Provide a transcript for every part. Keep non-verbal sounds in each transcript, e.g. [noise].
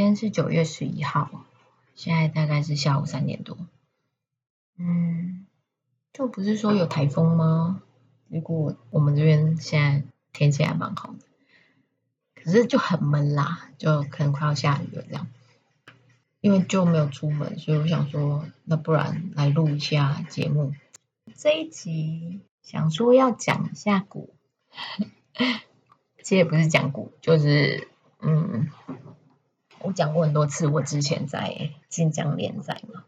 今天是九月十一號，現在大概是下午三點多。嗯，就不是說有颱風嗎？如果我們這邊現在天氣還蠻好的，可是就很悶啦，就可能快要下雨了這樣。因為就沒有出門，所以我想說，那不然來錄一下節目。這一集想說要講一下古， [laughs] 其實也不是講古，就是嗯。我講過很多次，我之前在晉江連載嘛，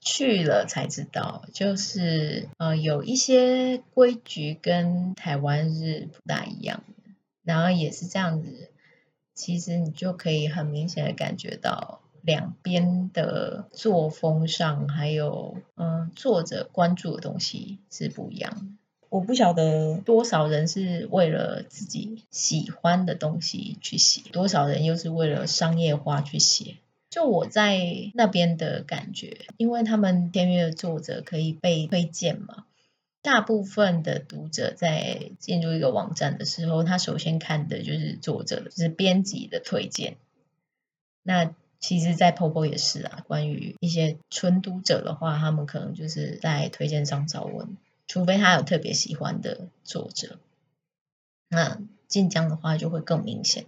去了才知道，就是呃有一些規矩跟台灣是不大一樣的，然後也是這樣子，其實你就可以很明顯的感覺到兩邊的作風上，還有嗯作者關注的東西是不一樣的。我不曉得多少人是為了自己喜歡的東西去寫，多少人又是為了商業化去寫。就我在那邊的感覺，因為他們訂閱的作者可以被推薦嘛，大部分的讀者在進入一個網站的時候，他首先看的就是作者，就是編輯的推薦。那其實，在 Popo 也是啊。關於一些純讀者的話，他們可能就是在推薦上找文。除非他有特別喜歡的作者，那晉江的話就會更明顯。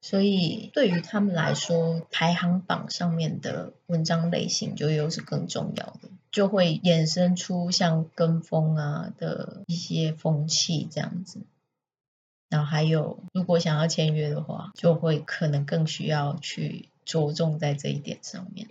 所以對於他們來說，排行榜上面的文章類型就又是更重要的，就會衍生出像跟風啊的一些風氣這樣子。然後還有，如果想要簽約的話，就會可能更需要去着重在這一點上面。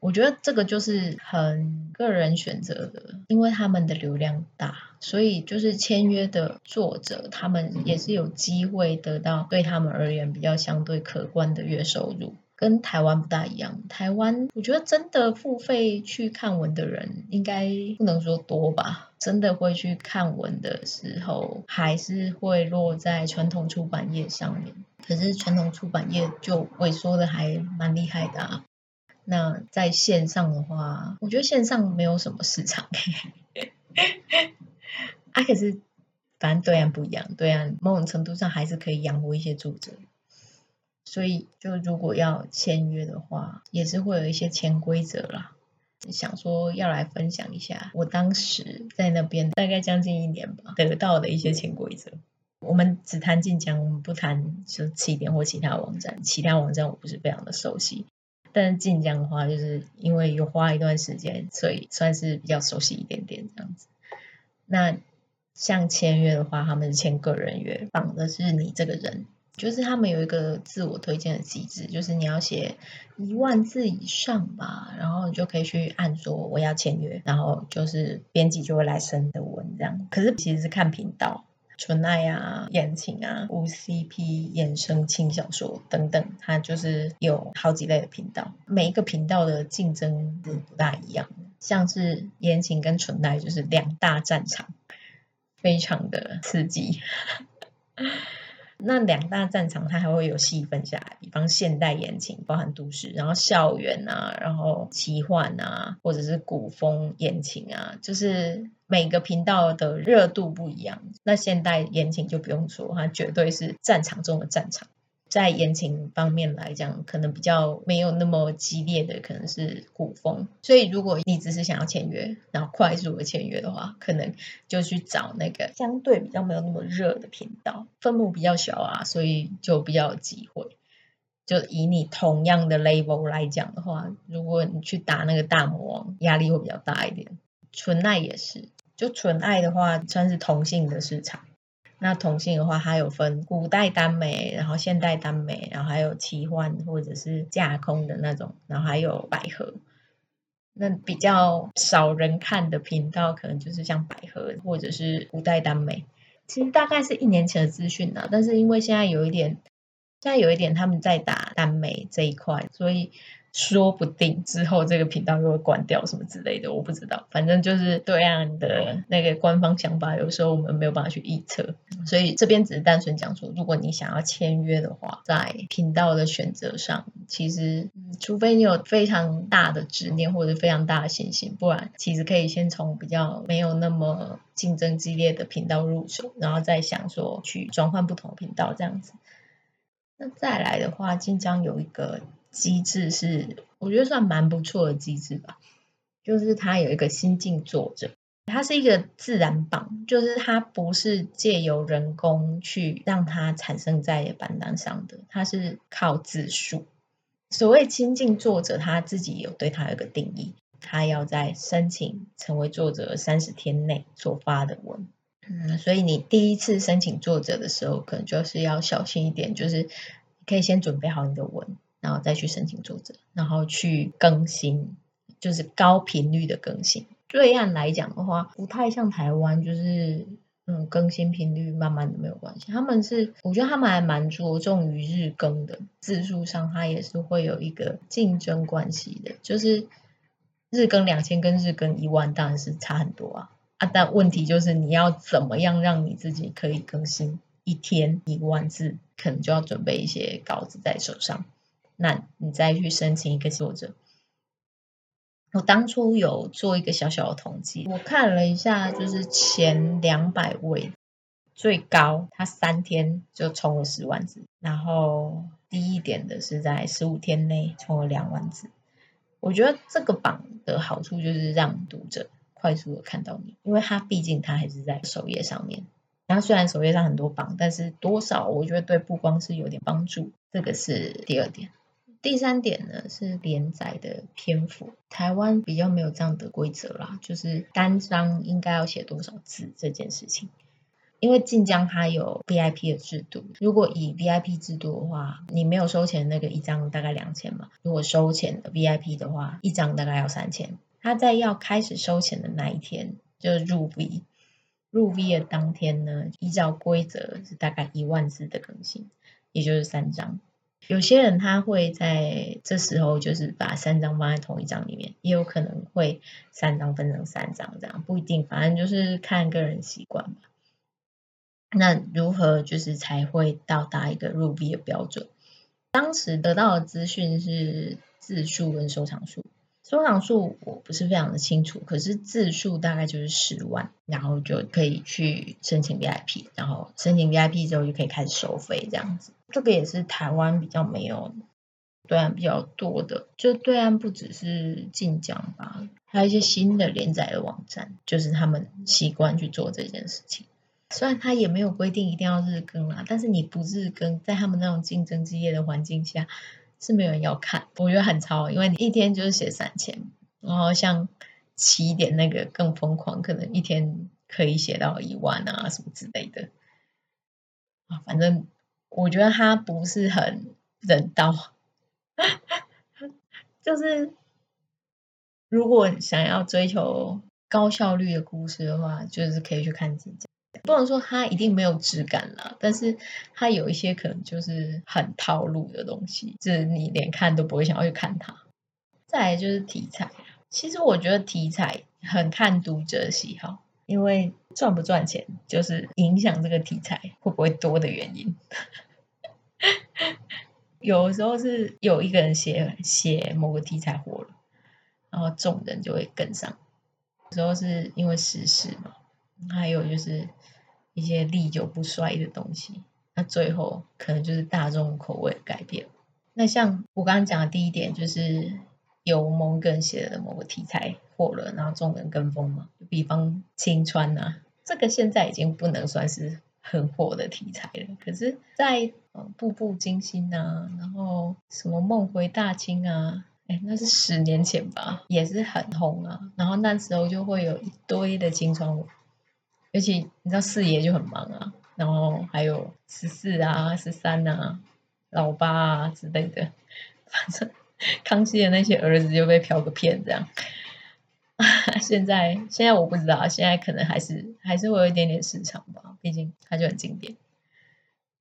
我覺得這個就是很個人選擇的，因為他們的流量大，所以就是簽約的作者，他們也是有機會得到對他們而言比較相對可觀的月收入。跟台灣不大一樣，台灣我覺得真的付費去看文的人應該不能說多吧，真的會去看文的時候，還是會落在傳統出版業上面。可是傳統出版業就萎縮的還蠻厲害的啊。那在線上的話，我覺得線上沒有什麼市場。 [laughs] 啊，可是反正對岸不一樣，對岸某種程度上還是可以養活一些作者。所以，就如果要簽約的話，也是會有一些潛規則啦。想說要來分享一下，我當時在那邊大概將近一年吧，得到的一些潛規則。我們只談晉江，我們不談就起點或其他網站，其他網站我不是非常的熟悉。但是晉江的話，就是因為有花一段時間，所以算是比較熟悉一點點這樣子。那像簽約的話，他們簽個人約，綁的是你這個人，就是他們有一個自我推薦的機制，就是你要寫一萬字以上吧，然後你就可以去按說我要簽約，然後就是編輯就會來審的文這樣。可是其實是看頻道。純愛啊，言情啊，無 CP 衍生、輕小說等等，它就是有好幾類的頻道。每一個頻道的競爭是不大一樣，像是言情跟純愛就是兩大戰場，非常的刺激。 [laughs] 那兩大戰場，它還會有細分下來，比方現代言情，包含都市，然後校園啊，然後奇幻啊，或者是古風言情啊，就是每個頻道的熱度不一樣。那現代言情就不用說，它絕對是戰場中的戰場。在言情方面來講，可能比較沒有那麼激烈的，可能是古風。所以，如果你只是想要簽約，然後快速的簽約的話，可能就去找那個相對比較沒有那麼熱的頻道，分母比較小啊，所以就比較有機會。就以你同樣的 label 來講的話，如果你去打那個大魔王，壓力會比較大一點。純愛也是，就純愛的話，算是同性的市場。那同性的話，它有分古代耽美，然後現代耽美，然後還有奇幻或者是架空的那種，然後還有百合。那比較少人看的頻道，可能就是像百合或者是古代耽美。其實大概是一年前的資訊啦，但是因為現在有一點，現在有一點他們在打耽美這一塊，所以。說不定之後這個頻道又會關掉什麼之類的，我不知道。反正就是對岸的那個官方想法，有時候我們沒有辦法去預測。所以這邊只是單純講說，如果你想要簽約的話，在頻道的選擇上，其實除非你有非常大的執念或者非常大的信心，不然其實可以先從比較沒有那麼競爭激烈的頻道入手，然後再想說去轉換不同頻道這樣子。那再來的話，晉江有一個機制是，我覺得算蠻不錯的機制吧，就是它有一個新晉作者，它是一個自然榜，就是它不是借由人工去讓它產生在榜單上的，它是靠字數。所謂親近作者，他自己有對他有個定義，他要在申請成為作者三十天內所發的文。嗯，所以你第一次申請作者的時候，可能就是要小心一點，就是你可以先準備好你的文，然後再去申請作者，然後去更新，就是高頻率的更新。對岸來講的話，不太像台灣，就是嗯，更新頻率慢慢的沒有關係。他們是，我覺得他們還蠻着重於日更的字數上，它也是會有一個競爭關係的，就是日更兩千跟日更一萬，當然是差很多啊。啊，但問題就是你要怎麼樣讓你自己可以更新一天一萬字，可能就要準備一些稿子在手上，那你再去申請一個作者。我當初有做一個小小的統計，我看了一下，就是前兩百位最高，他三天就衝了十萬字，然後低一點的是在十五天內衝了兩萬字。我覺得這個榜的好處就是讓讀者。快速的看到你，因為它畢竟它還是在首頁上面。然後雖然首頁上很多榜，但是多少我覺得對曝光是有點幫助。這個是第二點。第三點呢是連載的篇幅，台灣比較沒有這樣的規則啦，就是單章應該要寫多少字這件事情。因為晉江它有 VIP 的制度，如果以 VIP 制度的話，你沒有收錢的那個一章大概兩千嘛，如果收錢的 VIP 的話，一章大概要三千。他在要開始收錢的那一天，就是入 V 入 V 的當天呢，依照規則是大概一萬字的更新，也就是三章。有些人他會在這時候就是把三章放在同一章裡面，也有可能會三章分成三章這樣，不一定，反正就是看個人習慣吧。那如何就是才會到達一個入 V 的標準？當時得到的資訊是字數跟收藏數。收藏數我不是非常的清楚，可是字數大概就是十萬，然後就可以去申請 VIP，然後申請 VIP 之後就可以開始收費這樣子。這個也是台灣比較沒有，對岸比較多的，就對岸不只是晉江吧，還有一些新的連載的網站，就是他們習慣去做這件事情。雖然他也沒有規定一定要日更啦、啊，但是你不日更，在他們那種競爭激烈的環境下。是沒有人要看，我覺得很超，因為你一天就是寫三千，然後像起點那個更瘋狂，可能一天可以寫到一萬啊什麼之類的。啊，反正我覺得他不是很人道。 [laughs] 就是如果想要追求高效率的故事的話，就是可以去看晉江。不能說它一定沒有質感啦，但是它有一些可能就是很套路的東西，就是你連看都不會想要去看它。再來就是題材，其實我覺得題材很看讀者喜好，因為賺不賺錢就是影響這個題材會不會多的原因。 [laughs] 有時候是有一個人寫寫某個題材火了，然後眾人就會跟上，有時候是因為時事嘛，還有就是。一些歷久不衰的東西，那最後可能就是大眾口味改變。那像我剛剛講的第一點，就是有某個人寫的某個題材火了，然後眾人跟風嘛。比方清穿啊，這個現在已經不能算是很火的題材了。可是在，在，嗯，《步步驚心》啊，然後什麼《夢回大清》啊，哎，那是十年前吧，也是很紅啊。然後那時候就會有一堆的清穿。而且你知道四爺就很忙啊，然後還有十四啊、十三啊、老八啊之類的，反正康熙的那些兒子就被飄個片這樣。現在現在我不知道，現在可能還是還是會有一點點市場吧，畢竟它就很經典。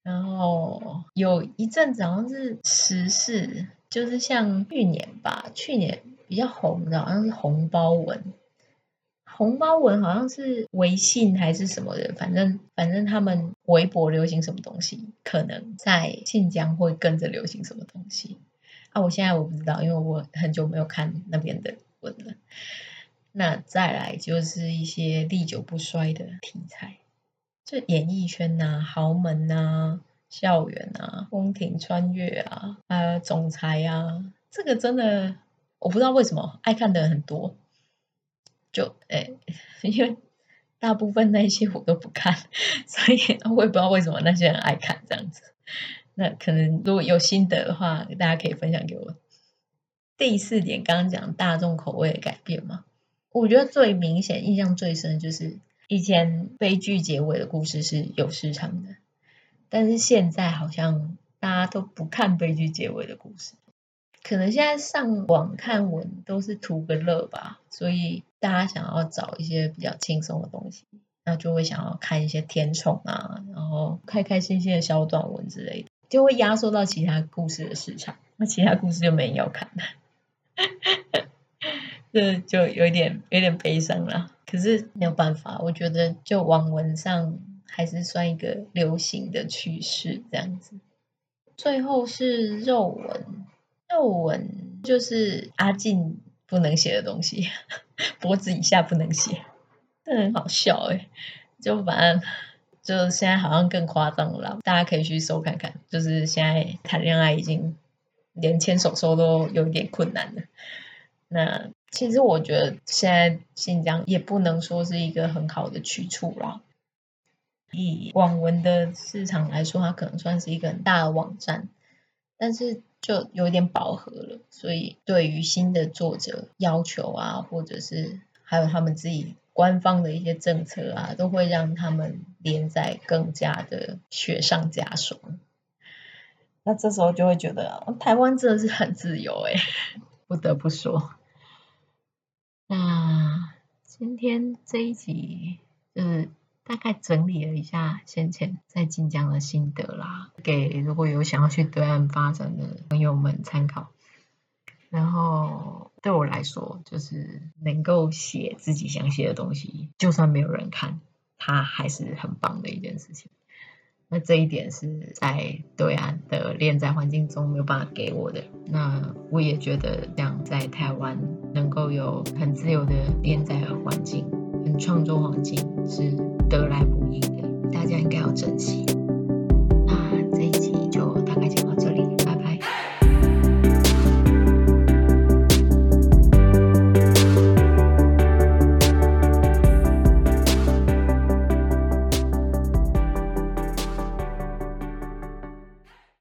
然後有一陣子好像是十四，就是像去年吧，去年比較紅的好像是紅包文。紅包文好像是微信還是什麼的，反正反正他們微博流行什麼東西，可能在晉江會跟着流行什麼東西。啊，我現在我不知道，因為我很久沒有看那邊的文了。那再來就是一些歷久不衰的題材，就演藝圈吶、啊、豪門吶、啊、校園吶、啊、宮廷穿越啊、啊總裁啊，這個真的我不知道為什麼愛看的人很多。就哎、欸，因為大部分那些我都不看，所以我也不知道為什麼那些人愛看這樣子。那可能如果有心得的話，大家可以分享給我。第四點，剛剛講大眾口味的改變嘛，我覺得最明顯、印象最深的就是，以前悲劇結尾的故事是有市場的，但是現在好像大家都不看悲劇結尾的故事，可能現在上網看文都是圖個樂吧，所以。大家想要找一些比較輕鬆的東西，那就會想要看一些甜寵啊，然後開開心心的小短文之類的，就會壓縮到其他故事的市場，那其他故事就沒人要看了，這 [laughs] 就，就有點有點悲傷了。可是沒有辦法，我覺得就網文上還是算一個流行的趨勢這樣子。最後是肉文，肉文就是阿晉不能寫的東西。脖子以下不能寫，但很好笑哎、欸，就反正就現在好像更誇張了，大家可以去搜看看，就是現在談戀愛已經連牽手手都有一點困難了。那其實我覺得現在晉江也不能說是一個很好的去處了，以網文的市場來說，它可能算是一個很大的網站。但是就有點飽和了，所以對於新的作者要求啊，或者是還有他們自己官方的一些政策啊，都會讓他們連載更加的雪上加霜。那這時候就會覺得，台灣真的是很自由哎、欸， [laughs] 不得不說。那、嗯、今天這一集，嗯。大概整理了一下先前在晉江的心得啦，給如果有想要去對岸發展的朋友們參考。然後對我來說，就是能夠寫自己想寫的東西，就算沒有人看，它還是很棒的一件事情。那這一點是在對岸的連載環境中沒有辦法給我的。那我也覺得，這樣在台灣能夠有很自由的連載的環境。創作環境是得來不易的，大家應該要珍惜。